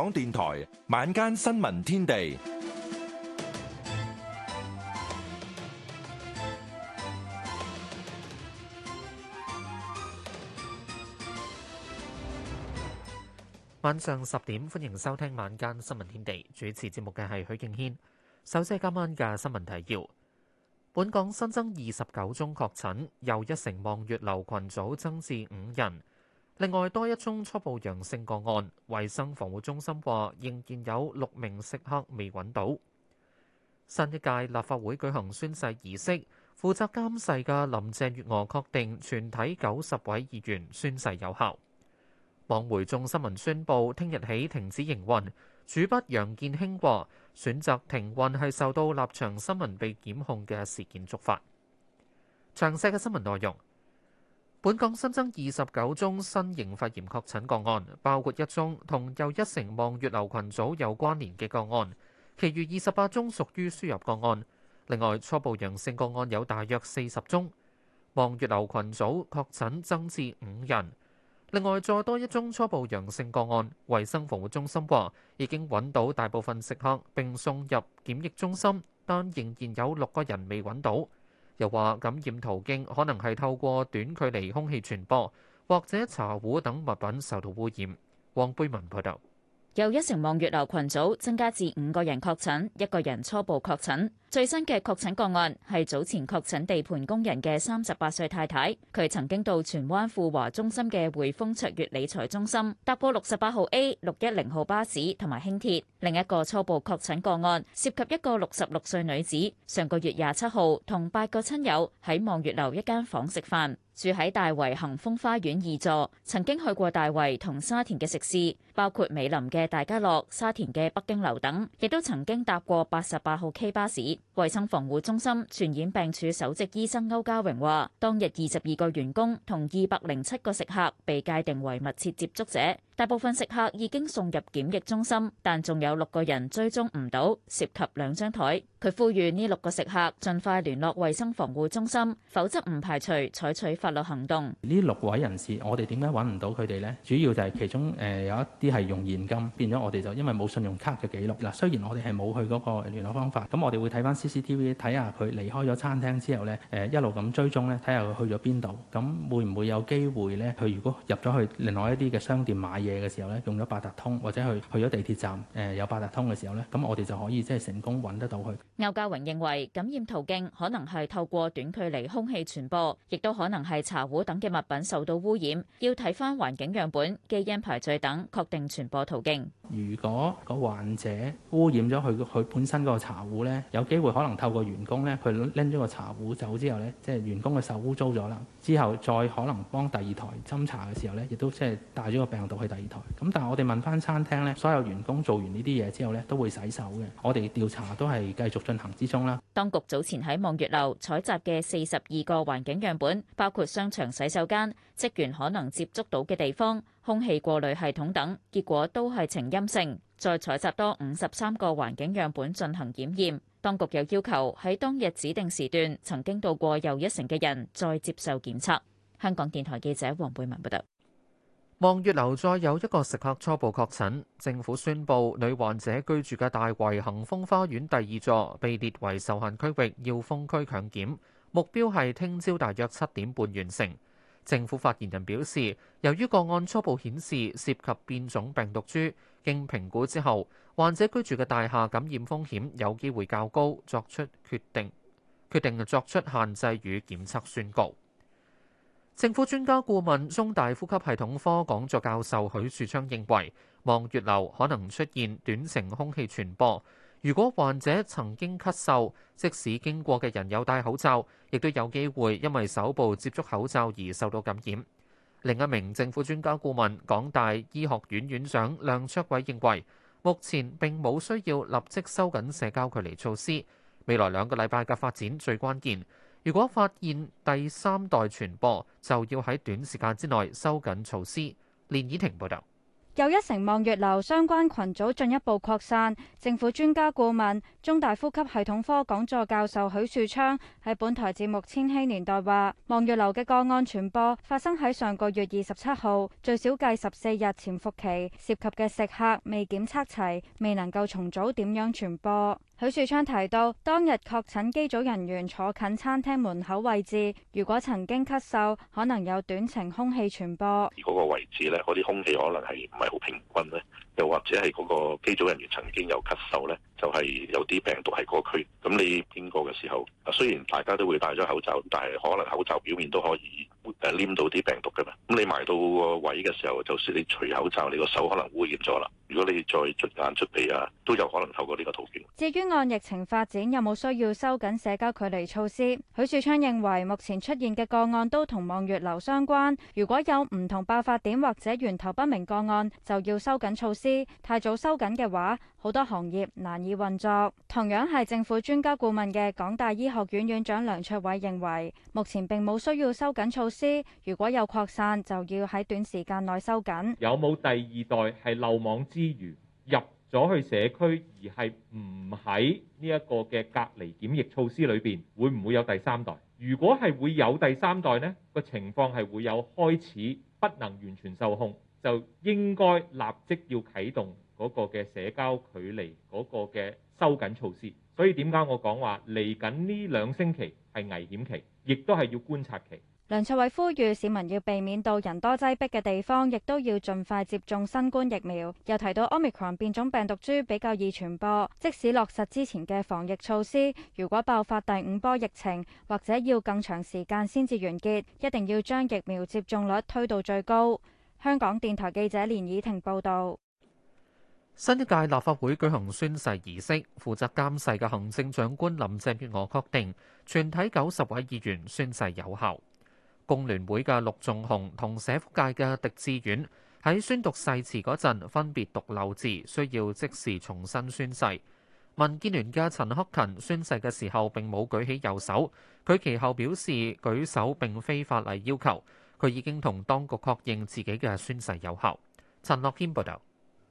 港電台晚間新聞天地，晚上十點，歡迎收聽晚間新聞天地。主持節目嘅係許敬軒，首先係今晚嘅新聞提要。本港新增二十九宗確診，又一城望月樓群組增至五人。另外多一宗初步陽性個案，衛生防護中心話仍然有六名食客未揾到。新一屆立法會舉行宣誓儀式，負責監誓嘅林鄭月娥確定全體九十位議員宣誓有效。網媒眾新聞宣佈，聽日起停止營運。主筆楊健興話，選擇停運係受到立場新聞被檢控嘅事件觸發。詳細嘅新聞內容。本港新增二十九宗新型肺炎確診個案，包括一宗同又一城望月樓群組有關聯嘅個案，其餘二十八宗屬於輸入個案。另外，初步陽性個案有大約四十宗，望月樓群組確診增至五人。另外，再多一宗初步陽性個案。衛生防護中心話已經搵到大部分食客並送入檢疫中心，但仍然有六個人未搵到。又話感染途徑可能係透過短距離空氣傳播，或者茶壺等物品受到污染。黃貝文報導，又一城望月樓群組增加至五個人確診，一個人初步確診。最新嘅確診個案係早前確診地盤工人嘅三十八歲太太，佢曾經到荃灣富華中心嘅匯豐卓越理財中心搭過六十八號 A、六一零號巴士同埋輕鐵。另一個初步確診個案涉及一個六十六歲女子，上個月廿七號同八個親友喺望月樓一間房食飯，住喺大圍恒豐花園二座，曾經去過大圍同沙田嘅食肆，包括美林嘅大家樂、沙田嘅北京樓等，亦都曾經搭過八十八號 K 巴士。衛生防護中心傳染病處首席醫生歐家榮話，當日二十二個員工同二百零七個食客被界定為密切接觸者。大部分食客已經送入檢疫中心，但仲有六個人追蹤唔到，涉及兩張枱。佢呼籲呢六個食客盡快聯絡衛生防護中心，否則唔排除採取法律行動。呢六位人士，我哋點解揾唔到佢哋呢？主要就係其中誒有一啲係用現金，變咗我哋就因為冇信用卡嘅記錄。嗱，雖然我哋係冇去嗰個聯絡方法，咁我哋會睇返 CCTV，睇下佢離開咗餐廳之後呢，誒一路咁追蹤呢，睇下佢去咗邊度。咁會唔會有機會呢？佢如果入咗去另外一啲嘅商店買嘢嘢嘅時候咧，用咗八達通或者去去咗地鐵站，誒有八達通嘅時候咧，咁我哋就可以即係成功揾得到佢。歐嘉榮認為感染途徑可能係透過短距離空氣傳播，亦都可能係茶壺等嘅物品受到污染，要睇返環境樣本、基因排序等，確定傳播途徑。如果個患者污染咗佢佢本身個茶壺呢，有機會可能透過員工呢，佢拎咗個茶壺走之後呢，即係員工嘅手污糟咗啦。之後再可能幫第二台斟茶嘅時候呢，亦都即係帶咗個病毒去第二台。咁但係我哋問翻餐廳呢，所有員工做完呢啲嘢之後呢，都會洗手嘅。我哋調查都係繼續進行之中啦。當局早前喺望月樓採集嘅四十二個環境樣本，包括商場洗手間、職員可能接觸到嘅地方。空氣過濾系統等，結果都係呈陰性。再採集多五十三個環境樣本進行檢驗。當局又要求喺當日指定時段曾經到過又一城嘅人再接受檢測。香港電台記者黃貝文報道。望月樓再有一個食客初步確診，政府宣布女患者居住嘅大圍恒豐花園第二座被列為受限區域，要封區強檢，目標係聽朝大約七點半完成。政府發言人表示，由於個案初步顯示涉及變種病毒株，經評估之後，患者居住嘅大廈感染風險有機會較高，作出決定，決定作出限制與檢測宣告。政府專家顧問中大呼吸系統科講座教授許樹昌認為，望月樓可能出現短程空氣傳播。如果患者曾經咳嗽，即使經過嘅人有戴口罩，亦都有機會因為手部接觸口罩而受到感染。另一名政府專家顧問、港大醫學院院長梁卓偉認為，目前並冇需要立即收緊社交距離措施，未來兩個禮拜嘅發展最關鍵。如果發現第三代傳播，就要喺短時間之內收緊措施。連以婷報道。又一城望月樓相關群組進一步擴散，政府專家顧問、中大呼吸系統科講座教授許樹昌喺本台節目《千禧年代》話，望月樓嘅個案傳播發生喺上個月二十七號，最少計十四日潛伏期，涉及嘅食客未檢測齊，未能夠重組點樣傳播。許樹昌提到，當日確診機組人員坐近餐廳門口位置，如果曾經咳嗽，可能有短程空氣傳播。而嗰個位置咧，嗰啲空氣可能係唔係好平均咧，又或者係嗰個機組人員曾經有咳嗽咧。就係有啲病毒喺個區，咁你經過嘅時候，雖然大家都會戴咗口罩，但係可能口罩表面都可以誒黏到啲病毒㗎嘛。咁你埋到個位嘅時候，就算你除口罩，你個手可能污染咗啦。如果你再出眼出鼻啊，都有可能透過呢個途徑。至於按疫情發展有冇需要收緊社交距離措施，許樹昌認為目前出現嘅個案都同望月樓相關。如果有唔同爆發點或者源頭不明個案，就要收緊措施。太早收緊嘅話，好多行業難以運作。同樣係政府專家顧問嘅港大醫學院院長梁卓偉認為，目前並冇需要收緊措施。如果有擴散，就要喺短時間內收緊。有冇第二代係漏網之余入咗去社區，而係唔喺呢一個嘅隔離檢疫措施裏邊，會唔會有第三代？如果係會有第三代呢，個情況係會有開始不能完全受控，就應該立即要啟動。嗰個嘅社交距離，嗰、那個嘅收緊措施，所以點解我講話嚟緊呢兩星期係危險期，亦都係要觀察期。梁卓偉呼籲市民要避免到人多擠迫嘅地方，亦都要盡快接種新冠疫苗。又提到 Omicron 變種病毒株比較易傳播，即使落實之前嘅防疫措施，如果爆發第五波疫情，或者要更長時間先至完結，一定要將疫苗接種率推到最高。香港電台記者連以婷報導。新一屆立法會舉行宣誓儀式，負責監誓嘅行政長官林鄭月娥確定全體九十位議員宣誓有效。工聯會嘅陸頌雄同社福界嘅狄志遠喺宣讀誓詞嗰陣分別讀漏字，需要即時重新宣誓。民建聯嘅陳克勤宣誓嘅時候並冇舉起右手，佢其後表示舉手並非法例要求，佢已經同當局確認自己嘅宣誓有效。陳樂謙報道。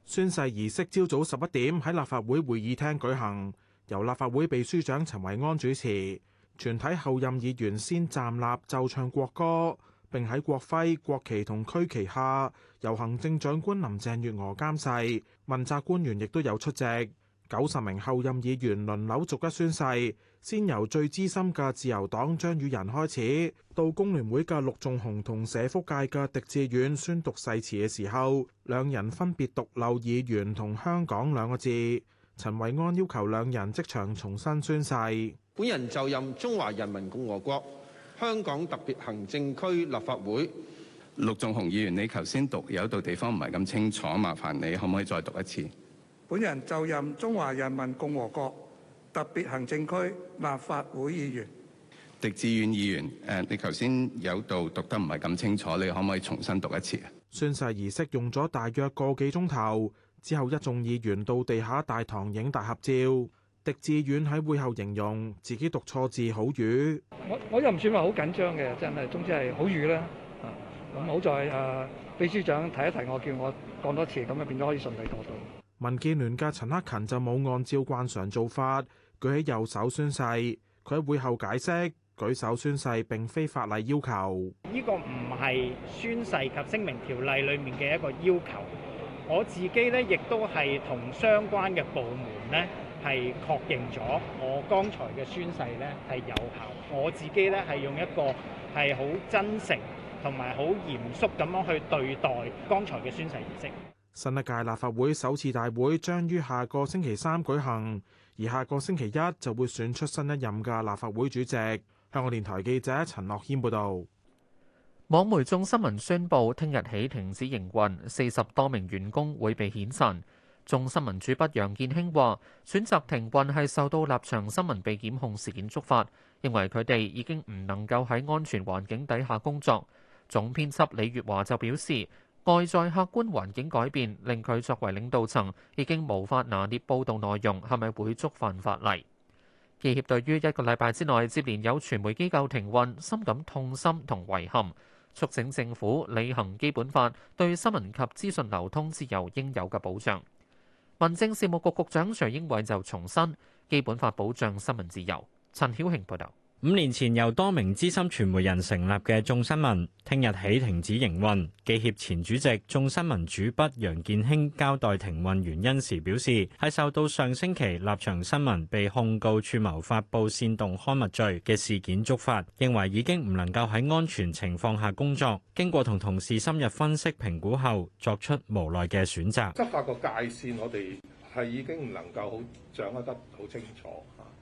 宣誓儀式朝早十一點喺立法會會議廳舉行，由立法會秘書長陳維安主持，全體候任議員先站立奏唱國歌，並喺國徽、國旗同區旗下，由行政長官林鄭月娥監誓，問責官員亦都有出席。九十名候任議員輪流逐一宣誓，先由最資深嘅自由黨張宇人開始，到工聯會嘅陸頌雄同社福界嘅狄志遠宣讀誓詞嘅時候，兩人分別讀漏，“議員”同“香港”兩個字。陳維安要求兩人即場重新宣誓。本人就任中華人民共和國香港特別行政區立法會。陸頌雄議員，你頭先讀有道地方唔係咁清楚，麻煩你可唔可以再讀一次？本人就任中華人民共和國特別行政區立法會議員。狄志遠議員，誒，你頭先有度讀得唔係咁清楚，你可唔可以重新讀一次？宣誓儀式用咗大約個幾鐘頭，之後一眾議員到地下大堂影大合照。狄志遠喺會後形容自己讀錯字好瘀。我我又唔算話好緊張嘅，真係總之係好瘀啦。咁、啊、好在誒、啊、秘書長提一提我，叫我講多次，咁就變咗可以順利過到。民建聯嘅陳克勤就冇按照慣常做法舉起右手宣誓，佢喺會後解釋舉手宣誓並非法例要求，呢個唔係宣誓及聲明條例裡面嘅一個要求。我自己咧亦都係同相關嘅部門咧係確認咗我剛才嘅宣誓咧係有效，我自己咧係用一個係好真誠同埋好嚴肅咁樣去對待剛才嘅宣誓儀式。新一屆立法會首次大會將於下個星期三舉行，而下個星期一就會選出新一任嘅立法會主席。香港電台記者陳樂謙報道。網媒眾新聞宣布聽日起停止營運，四十多名員工會被遣散。眾新聞主筆楊建興話：選擇停運係受到立場新聞被檢控事件觸發，認為佢哋已經唔能夠喺安全環境底下工作。總編輯李月華就表示。外在客觀環境改變，令佢作為領導層已經無法拿捏報道內容係咪會觸犯法例。記協對於一個禮拜之內接連有傳媒機構停運，深感痛心同遺憾，促請政府履行基本法對新聞及資訊流通自由應有嘅保障。民政事務局局長徐英偉就重申基本法保障新聞自由。陳曉慶報道。五年前由多名資深傳媒人成立嘅眾新聞，聽日起停止營運。記協前主席眾新聞主筆楊健興交代停運原因時表示，係受到上星期立場新聞被控告串謀發佈煽動刊物罪嘅事件觸發，認為已經唔能夠喺安全情況下工作。經過同同事深入分析評估後，作出無奈嘅選擇。執法個界線，我哋係已經唔能夠好掌握得好清楚，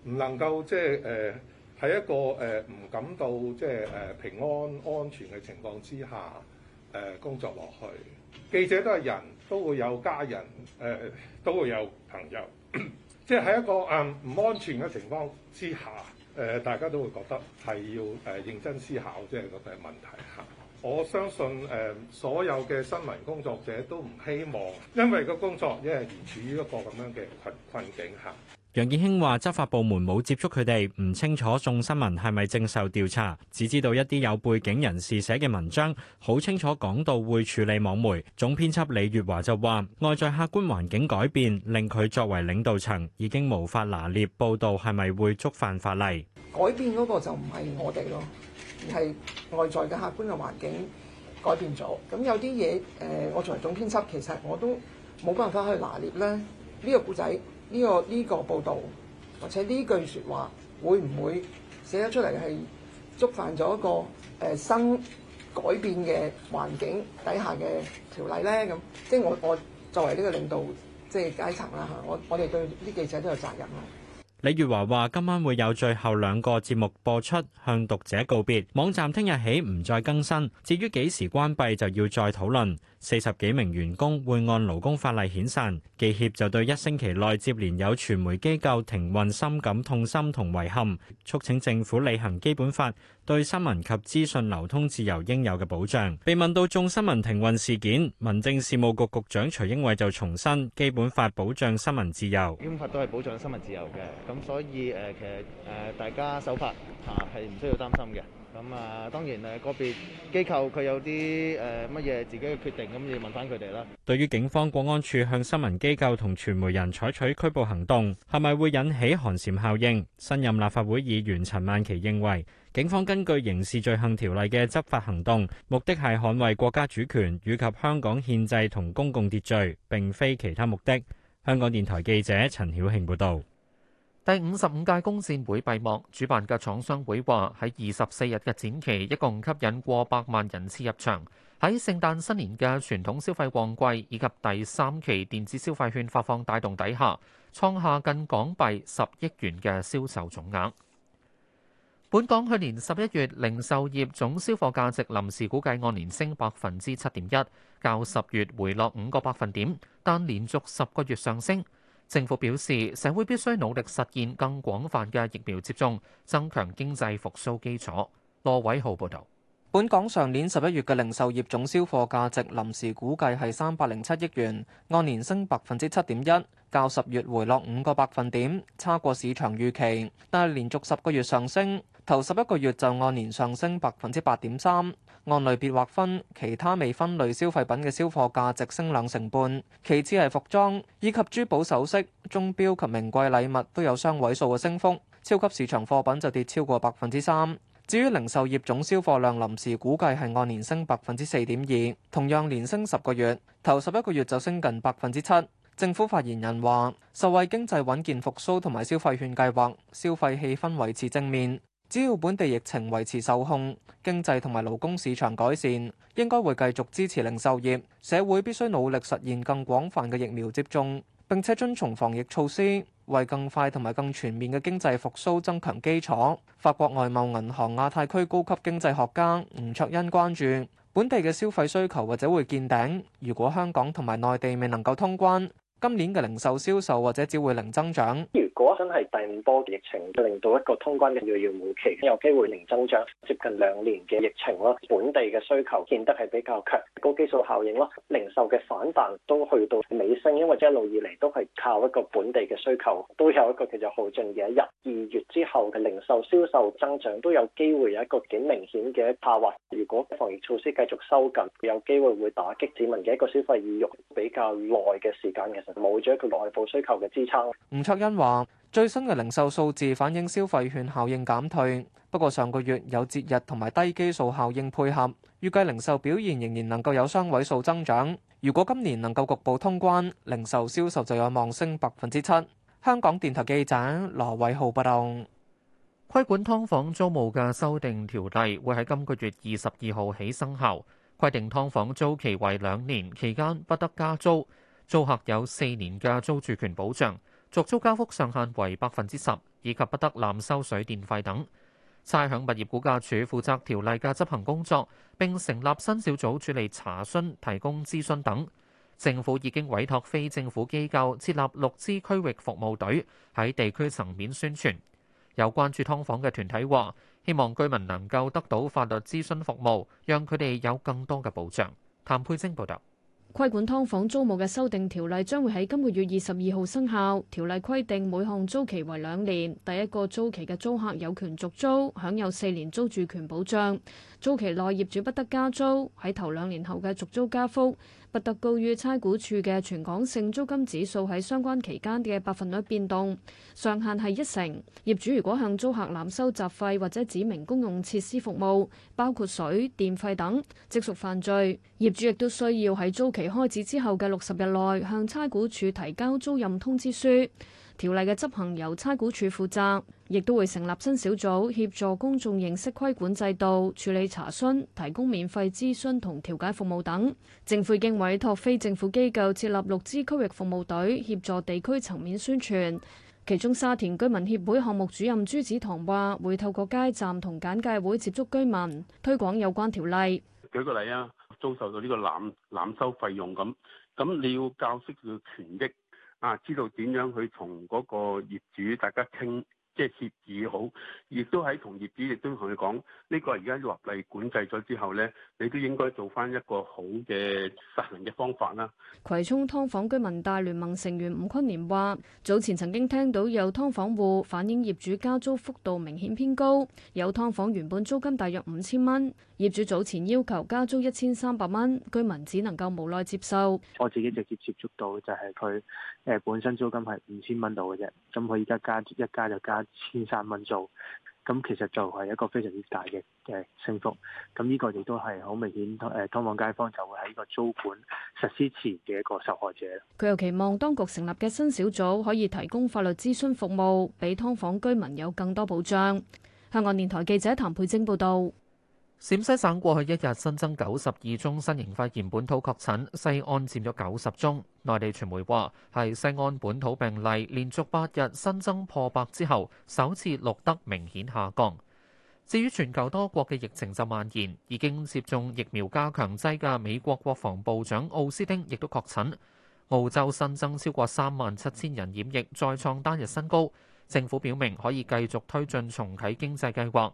唔能夠即係誒。喺一個誒唔感到即係誒平安安全嘅情況之下，誒工作落去，記者都係人，都會有家人，誒都會有朋友，即係喺一個誒唔安全嘅情況之下，誒大家都會覺得係要誒認真思考，即係到底係問題嚇。我相信誒所有嘅新聞工作者都唔希望，因為個工作因為而處於一個咁樣嘅困困境下。楊健興話：執法部門冇接觸佢哋，唔清楚眾新聞係咪正受調查，只知道一啲有背景人士寫嘅文章，好清楚講到會處理網媒。總編輯李月華就話：外在客觀環境改變，令佢作為領導層已經無法拿捏報道係咪會觸犯法例。改變嗰個就唔係我哋咯，而係外在嘅客觀嘅環境改變咗。咁有啲嘢，誒，我作為總編輯，其實我都冇辦法去拿捏咧呢個故仔。呢個呢個報導，或者呢句説話，會唔會寫得出嚟係觸犯咗一個誒新改變嘅環境底下嘅條例呢？咁即係我我作為呢個領導即係階層啦嚇，我我哋對啲記者都有責任咯。李月華話：今晚會有最後兩個節目播出，向讀者告別。網站聽日起唔再更新，至於幾時關閉就要再討論。四十幾名員工會按勞工法例遣散，記協就對一星期內接連有傳媒機構停運深感痛心同遺憾，促請政府履行基本法對新聞及資訊流通自由應有嘅保障。被問到眾新聞停運事件，民政事務局局長徐英偉就重申基本法保障新聞自由，基本法都係保障新聞自由嘅，咁所以誒其實誒大家守法係唔需要擔心嘅。咁啊，當然誒個別機構佢有啲誒乜嘢自己嘅決定，咁要問翻佢哋啦。對於警方、國安處向新聞機構同傳媒人採取拘捕行動，係咪會引起寒蟬效應？新任立法會議員陳曼琪認為，警方根據刑事罪行條例嘅執法行動，目的係捍衛國家主權以及香港憲制同公共秩序，並非其他目的。香港電台記者陳曉慶報道。第五十五屆工展會閉幕，主辦嘅廠商會話喺二十四日嘅展期，一共吸引過百萬人次入場。喺聖誕新年嘅傳統消費旺季以及第三期電子消費券發放帶動底下，創下近港幣十億元嘅銷售總額。本港去年十一月零售業總銷貨價值臨時估計按年升百分之七點一，較十月回落五個百分點，但連續十個月上升。政府表示，社會必須努力實現更廣泛嘅疫苗接種，增強經濟復甦基礎。羅偉浩報導。本港上年十一月嘅零售業總銷貨價值臨時估計係三百零七億元，按年升百分之七點一，較十月回落五個百分點，差過市場預期，但係連續十個月上升。頭十一個月就按年上升百分之八點三，按類別劃分，其他未分類消費品嘅銷貨價值升兩成半，其次係服裝以及珠寶首飾、鐘表及名貴禮物都有雙位數嘅升幅。超級市場貨品就跌超過百分之三。至於零售業總銷貨量，臨時估計係按年升百分之四點二，同樣連升十個月，頭十一個月就升近百分之七。政府發言人話，受惠經濟穩健復甦同埋消費券計劃，消費氣氛維持正面。只要本地疫情維持受控，經濟同埋勞工市場改善，應該會繼續支持零售業。社會必須努力實現更廣泛嘅疫苗接種，並且遵從防疫措施，為更快同埋更全面嘅經濟復蘇增強基礎。法國外貿銀行亞太區高級經濟學家吳卓恩關注本地嘅消費需求或者會見頂，如果香港同埋內地未能夠通關，今年嘅零售銷售或者只會零增長。嗰陣係第五波疫情，令到一個通關嘅遙遙無期，有機會零增長，接近兩年嘅疫情咯。本地嘅需求見得係比較強，高基礎效應咯。零售嘅反彈都去到尾聲，因為一路以嚟都係靠一個本地嘅需求，都有一個其實好盡嘅。一、二月之後嘅零售銷售增長都有機會有一個幾明顯嘅下滑。如果防疫措施繼續收緊，有機會會打擊市民嘅一個消費意欲，比較耐嘅時間其實冇咗一個內部需求嘅支撐。吳卓恩話。最新嘅零售數字反映消費券效應減退，不過上個月有節日同埋低基數效應配合，預計零售表現仍然能夠有雙位數增長，如果今年能夠局部通關，零售銷售，售，售，售就有望升百分之七。香港電台記者羅偉浩報道。規管劏房租務嘅修訂條例會喺今個月二十二號起生效，規定劏房租期為兩年，期間不得加租，租客有四年嘅租住權保障。續租交幅上限為百分之十，以及不得濫收水電費等。差餉物業估價署負責條例嘅執行工作，並成立新小組處理查詢、提供諮詢等。政府已經委託非政府機構設立六支區域服務隊，喺地區層面宣傳。有關注劏房嘅團體話，希望居民能夠得到法律諮詢服務，讓佢哋有更多嘅保障。譚佩晶報道。規管劏房租務嘅修訂條例將會喺今個月二十二號生效。條例規定每項租期為兩年，第一個租期嘅租客有權續租，享有四年租住權保障。租期內業主不得加租，喺頭兩年後嘅續租加幅不得高於差估處嘅全港性租金指數喺相關期間嘅百分率變動，上限係一成。業主如果向租客濫收雜費或者指明公用設施服務，包括水電費等，即屬犯罪。業主亦都需要喺租期開始之後嘅六十日內向差估處提交租賃通知書。條例嘅執行由差估署負責，亦都會成立新小組協助公眾認識規管制度，處理查詢，提供免費諮詢同調解服務等。政府經委託非政府機構設立六支區域服務隊，協助地區層面宣傳。其中沙田居民協會項目主任朱子棠話：會透過街站同簡介會接觸居民，推廣有關條例。舉個例啊，遭受到呢個濫濫收費用咁，咁你要教識佢權益。啊！知道點樣去同嗰個業主大家傾，即係協議好，亦都喺同業主亦都同佢講，呢、這個而家落嚟管制咗之後呢，你都應該做翻一個好嘅實行嘅方法啦。葵涌劏房居民大聯盟成員吳坤年話：早前曾經聽到有劏房戶反映業主加租幅度明顯偏高，有劏房原本租金大約五千蚊。業主早前要求加租一千三百蚊，居民只能夠無奈接受。我自己直接接觸到就係佢誒本身租金係五千蚊度嘅啫，咁佢而家加一加就加千三蚊租，咁其實就係一個非常之大嘅誒升幅。咁呢個亦都係好明顯，誒劏房街坊就會喺個租管實施前嘅一個受害者。佢又期望當局成立嘅新小組可以提供法律諮詢服務，俾劏房居民有更多保障。香港電台記者譚佩晶報導。陝西省過去一日新增九十二宗新型肺炎本土確診，西安佔咗九十宗。內地傳媒話，係西安本土病例連續八日新增破百之後，首次錄得明顯下降。至於全球多國嘅疫情就蔓延，已經接種疫苗加強劑嘅美國國防部長奧斯汀亦都確診。澳洲新增超過三萬七千人染疫，再創單日新高。政府表明可以繼續推進重啟經濟計劃。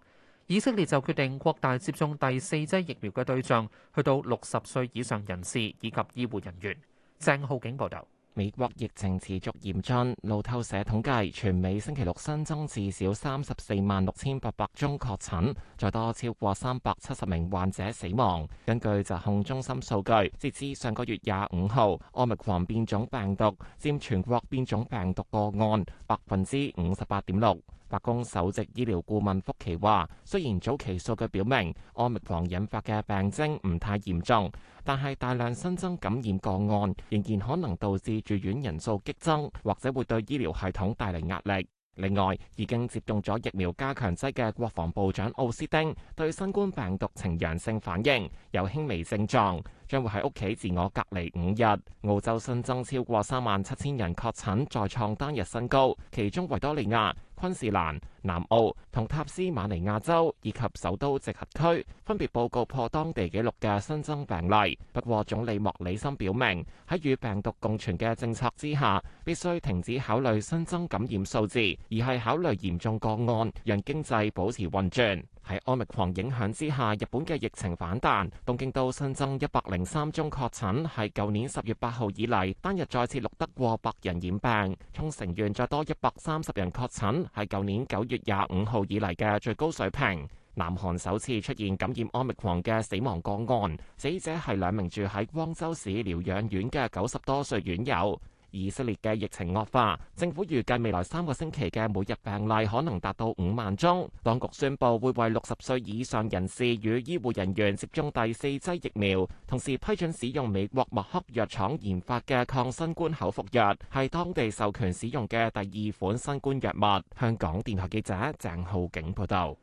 以色列就決定擴大接種第四劑疫苗嘅對象，去到六十歲以上人士以及醫護人員。鄭浩景報道，美國疫情持續嚴峻，路透社統計，全美星期六新增至少三十四萬六千八百宗確診，再多超過三百七十名患者死亡。根據疾控中心數據，截至上個月廿五號，奧密克戎變種病毒佔全國變種病毒個案百分之五十八點六。白宮首席醫療顧問福奇話，雖然早期數據表明，奧密克戎引發嘅病徵唔太嚴重，但係大量新增感染個案仍然可能導致住院人數激增，或者會對醫療系統帶嚟壓力。另外，已經接種咗疫苗加強劑嘅國防部長奧斯汀對新冠病毒呈陽性反應，有輕微症狀，將會喺屋企自我隔離五日。澳洲新增超過三萬七千人確診，再創單日新高，其中維多利亞。昆士蘭、南澳同塔斯馬尼亞州以及首都直轄區分別報告破當地紀錄嘅新增病例，不過總理莫里森表明，喺與病毒共存嘅政策之下，必須停止考慮新增感染數字，而係考慮嚴重個案，讓經濟保持運轉。喺 Omicron 影響之下，日本嘅疫情反彈，東京都新增一百零三宗確診，係舊年十月八號以嚟，單日再次錄得過百人染病。沖繩縣再多一百三十人確診，係舊年九月廿五號以嚟嘅最高水平。南韓首次出現感染 Omicron 嘅死亡個案，死者係兩名住喺光州市療養院嘅九十多歲院友。以色列嘅疫情惡化，政府預計未來三個星期嘅每日病例可能達到五萬宗。當局宣布會為六十歲以上人士與醫護人員接種第四劑疫苗，同時批准使用美國默克藥廠研發嘅抗新冠口服藥，係當地授權使用嘅第二款新冠藥物。香港電台記者鄭浩景報道。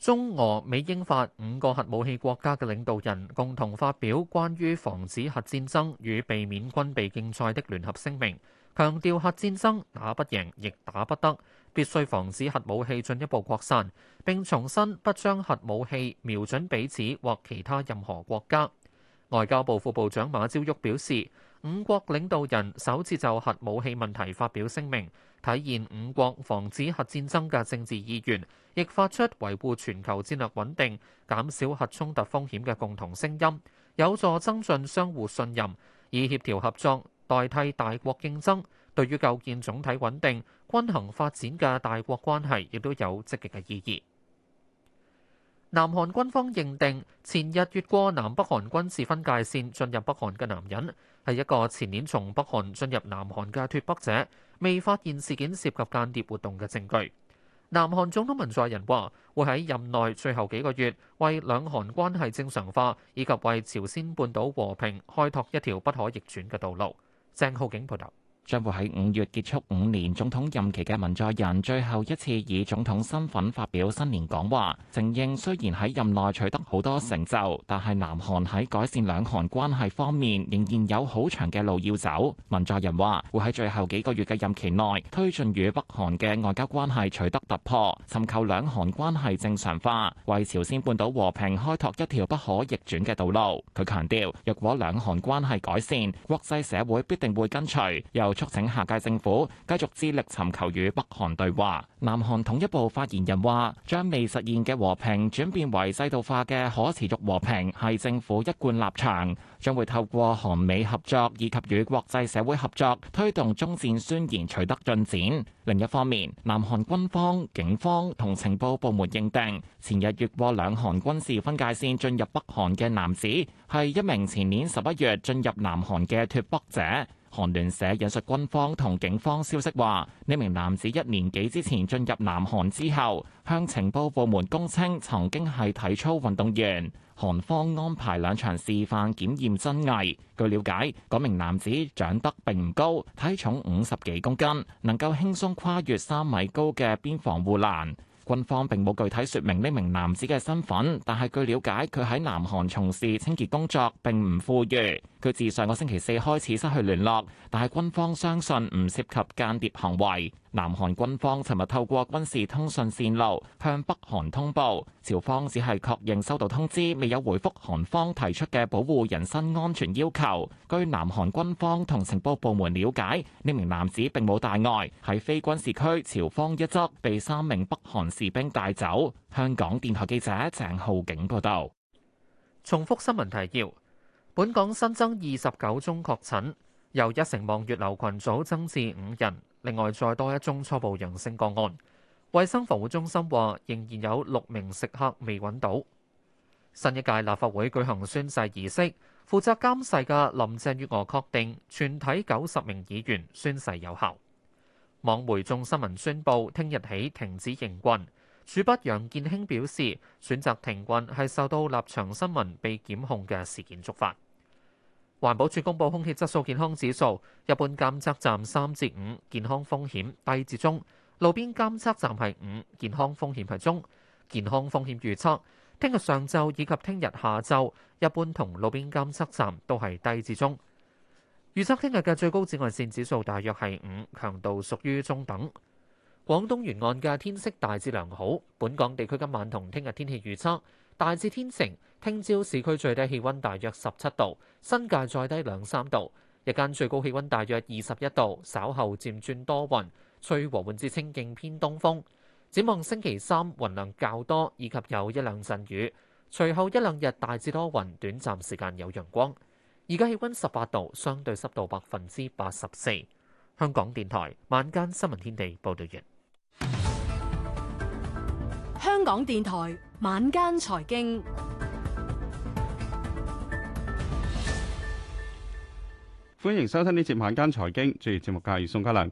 中俄美英法五個核武器國家嘅領導人共同發表關於防止核戰爭與避免軍備競賽的聯合聲明，強調核戰爭打不贏亦打不得，必須防止核武器進一步擴散，並重申不將核武器瞄準彼此或其他任何國家。外交部副部長馬朝旭表示。五國領導人首次就核武器問題發表聲明，體現五國防止核戰爭嘅政治意願，亦發出維護全球戰略穩定、減少核衝突風險嘅共同聲音，有助增進相互信任，以協調合作代替大國競爭，對於構建總體穩定、均衡發展嘅大國關係，亦都有積極嘅意義。南韓軍方認定前日越過南北韓軍事分界線進入北韓嘅男人係一個前年從北韓進入南韓嘅脫北者，未發現事件涉及間諜活動嘅證據。南韓總統文在寅話：會喺任內最後幾個月為兩韓關係正常化以及為朝鮮半島和平開拓一條不可逆轉嘅道路。鄭浩景報導。將會喺五月結束五年總統任期嘅文在寅最後一次以總統身份發表新年講話，承認雖然喺任內取得好多成就，但係南韓喺改善兩韓關係方面仍然有好長嘅路要走。文在寅話：會喺最後幾個月嘅任期內，推進與北韓嘅外交關係取得突破，尋求兩韓關係正常化，為朝鮮半島和平開拓一條不可逆轉嘅道路。佢強調：若果兩韓關係改善，國際社會必定會跟隨。又促請下屆政府繼續致力尋求與北韓對話。南韓統一部發言人話：將未實現嘅和平轉變為制度化嘅可持續和平係政府一貫立場，將會透過韓美合作以及與國際社會合作推動終戰宣言取得進展。另一方面，南韓軍方、警方同情報部門認定，前日越過兩韓軍事分界線進入北韓嘅男子係一名前年十一月進入南韓嘅脱北者。韓聯社引述軍方同警方消息話，呢名男子一年幾之前進入南韓之後，向情報部門供稱曾經係體操運動員。韓方安排兩場示範檢驗真偽。據了解，嗰名男子長得並唔高，體重五十幾公斤，能夠輕鬆跨越三米高嘅邊防護欄。軍方並冇具體説明呢名男子嘅身份，但係據了解，佢喺南韓從事清潔工作，並唔富裕。佢自上個星期四開始失去聯絡，但係軍方相信唔涉及間諜行為。南韓軍方尋日透過軍事通信線路向北韓通報，朝方只係確認收到通知，未有回覆韓方提出嘅保護人身安全要求。據南韓軍方同情報部門了解，呢名男子並冇大礙，喺非軍事區，朝方一側被三名北韓士兵帶走。香港電台記者鄭浩景報道。重複新聞提要。本港新增二十九宗確診，由一城望月樓群組增至五人，另外再多一宗初步陽性個案。衛生防護中心話，仍然有六名食客未揾到。新一屆立法會舉行宣誓儀式，負責監誓嘅林鄭月娥確定，全體九十名議員宣誓有效。網媒眾新聞宣布，聽日起停止營運。主筆楊健興表示，選擇停運係受到立場新聞被檢控嘅事件觸發。環保署公布空氣質素健康指數，一般監測站三至五，健康風險低至中；路邊監測站係五，健康風險係中。健康風險預測，聽日上晝以及聽日下晝，一般同路邊監測站都係低至中。預測聽日嘅最高紫外線指數大約係五，強度屬於中等。廣東沿岸嘅天色大致良好。本港地區今晚同聽日天氣預測大致天晴。聽朝市區最低氣温大約十七度，新界再低兩三度。日間最高氣温大約二十一度，稍後漸轉多雲，吹和緩至清勁偏東風。展望星期三雲量較多，以及有一兩陣雨。隨後一兩日大致多雲，短暫時間有陽光。而家氣温十八度，相對濕度百分之八十四。香港電台晚間新聞天地報導完。香港電台晚間財經，歡迎收聽呢節晚間財經。主持節目嘅係宋嘉良。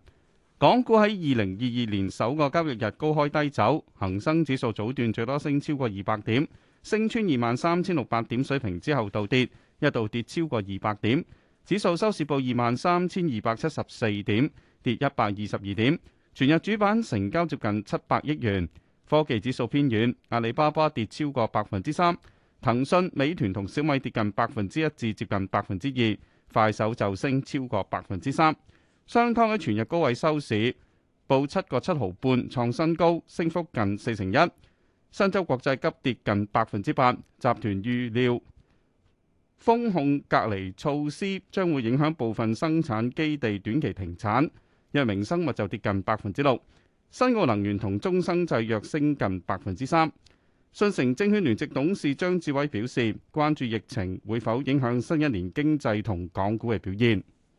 港股喺二零二二年首個交易日高開低走，恒生指數早段最多升超過二百點，升穿二萬三千六百點水平之後倒跌，一度跌超過二百點，指數收市報二萬三千二百七十四點，跌一百二十二點，全日主板成交接近七百億元。科技指數偏軟，阿里巴巴跌超過百分之三，騰訊、美團同小米跌近百分之一至接近百分之二，快手就升超過百分之三。商湯喺全日高位收市，報七個七毫半，創新高，升幅近四成一。新洲國際急跌近百分之八，集團預料風控隔離措施將會影響部分生產基地短期停產。藥明生物就跌近百分之六。新奧能源同中生製藥升近百分之三。信誠證券聯席董事張志偉表示，關注疫情會否影響新一年經濟同港股嘅表現。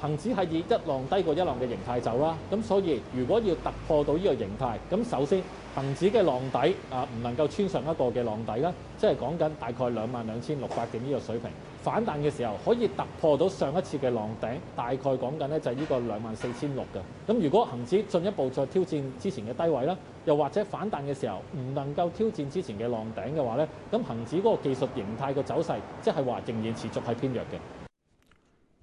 恒指係以一浪低過一浪嘅形態走啦，咁所以如果要突破到呢個形態，咁首先恒指嘅浪底啊唔能夠穿上一個嘅浪底啦、啊，即係講緊大概兩萬兩千六百點呢個水平，反彈嘅時候可以突破到上一次嘅浪頂，大概講緊咧就係呢個兩萬四千六嘅。咁如果恒指進一步再挑戰之前嘅低位啦、啊，又或者反彈嘅時候唔能夠挑戰之前嘅浪頂嘅話咧，咁恒指嗰個技術形態嘅走勢即係話仍然持續係偏弱嘅。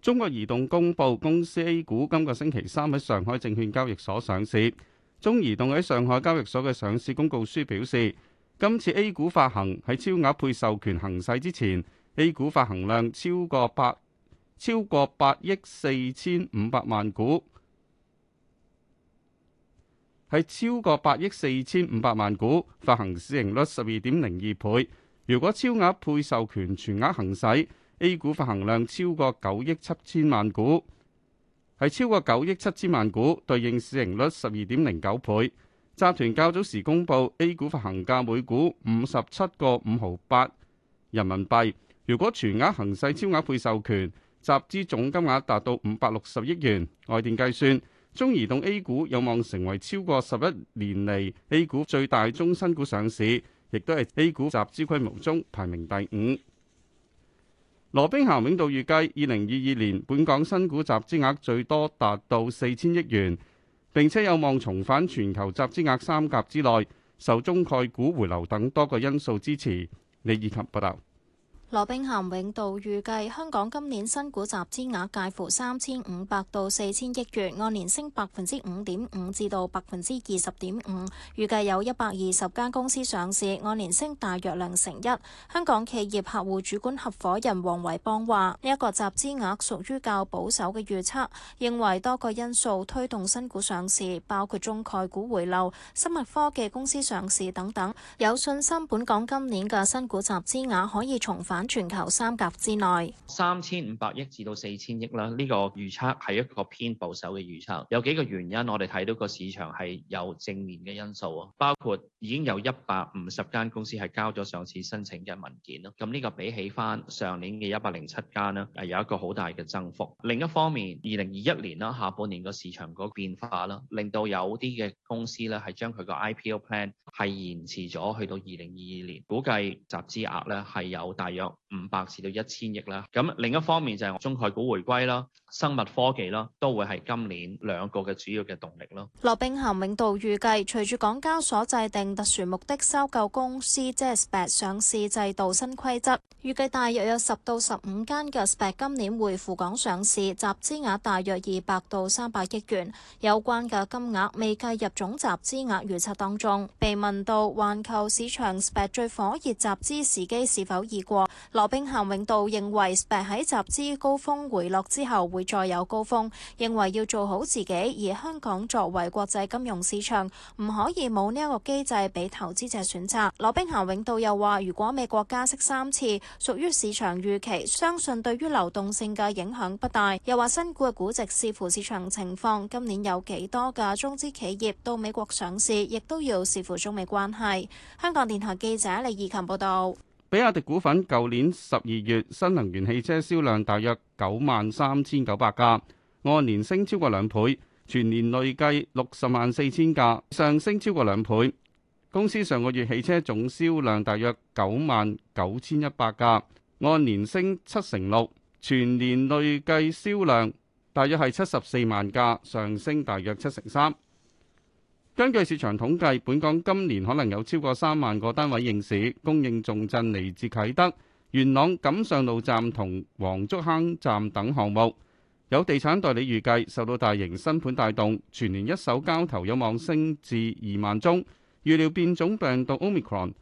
中國移動公布公司 A 股今個星期三喺上海證券交易所上市。中移動喺上海交易所嘅上市公告書表示，今次 A 股發行喺超額配售權行使之前，A 股發行量超過八超過八億四千五百萬股，係超過八億四千五百萬股，發行市盈率十二點零二倍。如果超額配售權全額行使，A 股發行量超過九億七千萬股，係超過九億七千萬股，對應市盈率十二點零九倍。集團較早時公布 A 股發行價每股五十七個五毫八人民幣。如果全額行使超額配售權，集資總金額達到五百六十億元。外電計算，中移動 A 股有望成為超過十一年嚟 A 股最大中新股上市，亦都係 A 股集資規模中排名第五。羅兵咸永道預計，二零二二年本港新股集資額最多達到四千億元，並且有望重返全球集資額三甲之內，受中概股回流等多個因素支持。李以及報道。羅兵咸永道預計香港今年新股集資額介乎三千五百到四千億元，按年升百分之五點五至到百分之二十點五。預計有一百二十間公司上市，按年升大約兩成一。香港企業客戶主管合夥人黃維邦話：呢、這、一個集資額屬於較保守嘅預測，認為多個因素推動新股上市，包括中概股回流、生物科技公司上市等等，有信心本港今年嘅新股集資額可以重返。全球三甲之內，三千五百億至到四千億啦。呢、這個預測係一個偏保守嘅預測。有幾個原因，我哋睇到個市場係有正面嘅因素啊。包括已經有一百五十間公司係交咗上市申請嘅文件咯。咁、這、呢個比起翻上年嘅一百零七間呢係有一個好大嘅增幅。另一方面，二零二一年啦，下半年個市場個變化啦，令到有啲嘅公司咧係將佢個 IPO plan 係延遲咗去到二零二二年，估計集資額咧係有大約，五百至到一千億啦。咁另一方面就係中概股回歸啦，生物科技啦，都會係今年兩個嘅主要嘅動力咯。羅兵咸永道預計，隨住港交所制定特殊目的收購公司即係 SPAC 上市制度新規則，預計大約有十到十五間嘅 SPAC 今年會赴港上市，集資額大約二百到三百億元。有關嘅金額未計入總集資額預測當中。被問到環球市場 SPAC 最火熱集資時機是否已過？羅兵咸永道認為，喺集資高峰回落之後會再有高峰，認為要做好自己。而香港作為國際金融市場，唔可以冇呢一個機制俾投資者選擇。羅兵咸永道又話，如果美國加息三次，屬於市場預期，相信對於流動性嘅影響不大。又話新股嘅估值視乎市場情況，今年有幾多嘅中資企業到美國上市，亦都要視乎中美關係。香港電台記者李義勤報道。比亞迪股份舊年十二月，新能源汽車銷量大約九萬三千九百架，按年升超過兩倍，全年累計六十萬四千架，上升超過兩倍。公司上個月汽車總銷量大約九萬九千一百架，按年升七成六，全年累計銷量大約係七十四萬架，上升大約七成三。根據市場統計，本港今年可能有超過三萬個單位應市，供應重鎮嚟自啟德、元朗、錦上路站同黃竹坑站等項目。有地產代理預計，受到大型新盤帶動，全年一手交投有望升至二萬宗。預料變種病毒 Omicron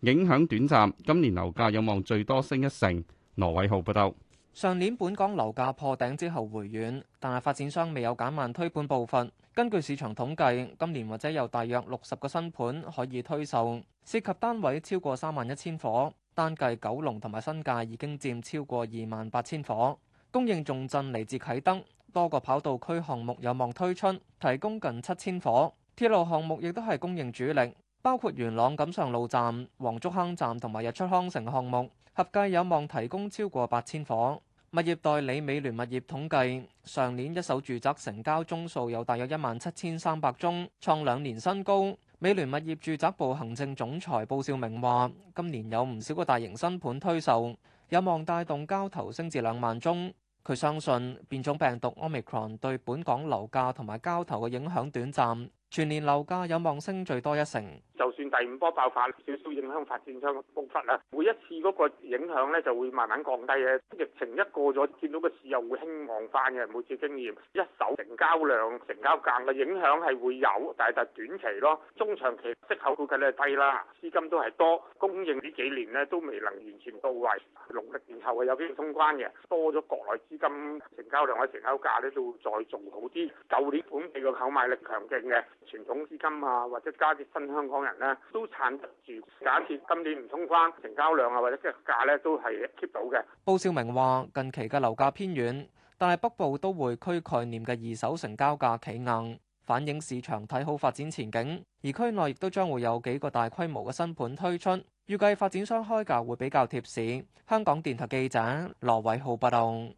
影響短暫，今年樓價有望最多升一成。羅偉浩報導。上年本港樓價破頂之後回軟，但係發展商未有減慢推盤步伐。根據市場統計，今年或者有大約六十個新盤可以推售，涉及單位超過三萬一千伙，單計九龍同埋新界已經佔超過二萬八千伙。供應重鎮嚟自啟德，多個跑道區項目有望推出，提供近七千伙。鐵路項目亦都係供應主力，包括元朗錦上路站、黃竹坑站同埋日出康城項目，合計有望提供超過八千伙。物業代理美聯物業統計，上年一手住宅成交宗數有大約一萬七千三百宗，創兩年新高。美聯物業住宅部行政總裁布少明話，今年有唔少個大型新盤推售，有望帶動交投升至兩萬宗。佢相信變種病毒 Omicron 對本港樓價同埋交投嘅影響短暫。全年樓價有望升最多一成。就算第五波爆發，少少影響發展商步伐啦，每一次嗰個影響咧就會慢慢降低嘅。疫情一過咗，見到個市又會興旺翻嘅。每次經驗，一手成交量、成交價嘅影響係會有，但係就短期咯。中長期息口估計咧低啦，資金都係多，供應呢幾年咧都未能完全到位。農曆年後係有機會通關嘅，多咗國內資金成交量嘅成交價咧都會再做好啲。舊年本地個購買力強勁嘅。傳統資金啊，或者加啲新香港人呢，都撐得住。假設今年唔通關，成交量啊，或者即係價呢，都係 keep 到嘅。報銷明話近期嘅樓價偏軟，但係北部都會區概念嘅二手成交價企硬，反映市場睇好發展前景。而區內亦都將會有幾個大規模嘅新盤推出，預計發展商開價會比較貼市。香港電台記者羅偉浩報道。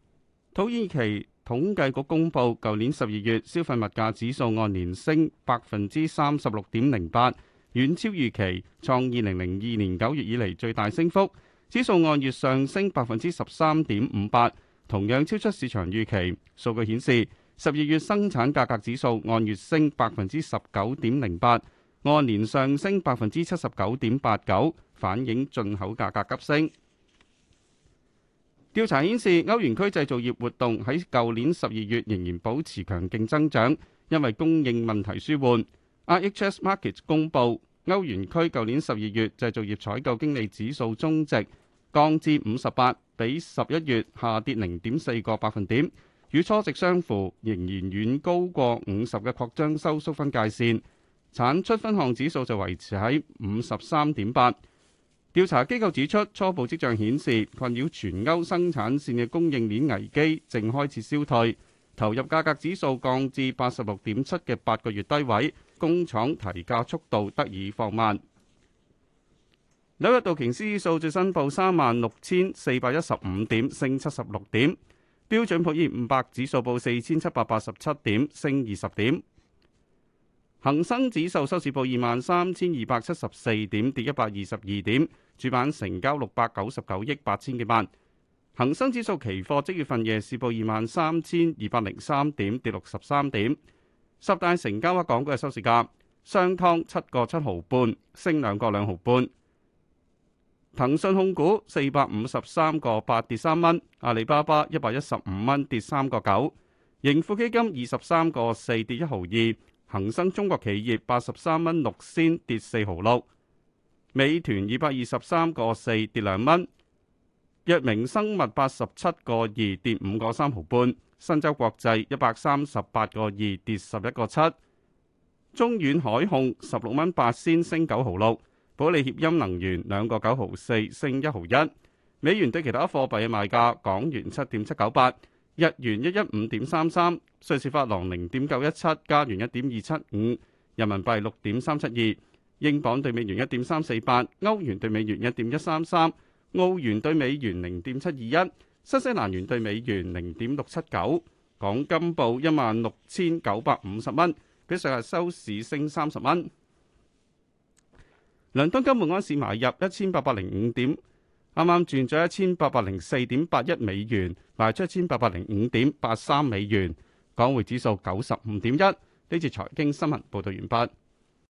土耳其統計局公布，舊年十二月消費物價指數按年升百分之三十六點零八，遠超預期，創二零零二年九月以嚟最大升幅。指數按月上升百分之十三點五八，同樣超出市場預期。數據顯示，十二月生產價格指數按月升百分之十九點零八，按年上升百分之七十九點八九，反映進口價格急升。調查顯示，歐元區製造業活動喺舊年十二月仍然保持強勁增長，因為供應問題舒緩。IHS Markit 公佈，歐元區舊年十二月製造業採購經理指數終值降至五十八，比十一月下跌零點四個百分點，與初值相符，仍然遠高過五十嘅擴張收縮分界線。產出分項指數就維持喺五十三點八。調查機構指出，初步跡象顯示困擾全歐生產線嘅供應鏈危機正開始消退，投入價格指數降至八十六點七嘅八個月低位，工廠提價速度得以放慢。紐約道瓊斯指數最新報三萬六千四百一十五點，升七十六點；標準普爾五百指數報四千七百八十七點，升二十點。恒生指數收市報二萬三千二百七十四點，跌一百二十二點。主板成交六百九十九億八千幾萬。恒生指數期貨即月份夜市報二萬三千二百零三點，跌六十三點。十大成交額港股嘅收市價，商湯七個七毫半，升兩個兩毫半。騰訊控股四百五十三個八，跌三蚊，阿里巴巴一百一十五蚊跌三個九，盈富基金二十三個四跌一毫二。恒生中國企業八十三蚊六仙跌四毫六，美團二百二十三個四跌兩蚊，藥明生物八十七個二跌五個三毫半，新洲國際一百三十八個二跌十一個七，中遠海控十六蚊八仙升九毫六，保利協鑫能源兩個九毫四升一毫一，美元對其他貨幣嘅賣價港元七點七九八。日元一一五點三三，瑞士法郎零點九一七，加元一點二七五，人民幣六點三七二，英鎊對美元一點三四八，歐元對美元一點一三三，澳元對美元零點七二一，新西蘭元對美元零點六七九，港金報一萬六千九百五十蚊，比上日收市升三十蚊。倫敦金每安士買入一千八百零五點。啱啱轉咗一千八百零四點八一美元，賣出一千八百零五點八三美元。港匯指數九十五點一。呢次財經新聞報道完畢。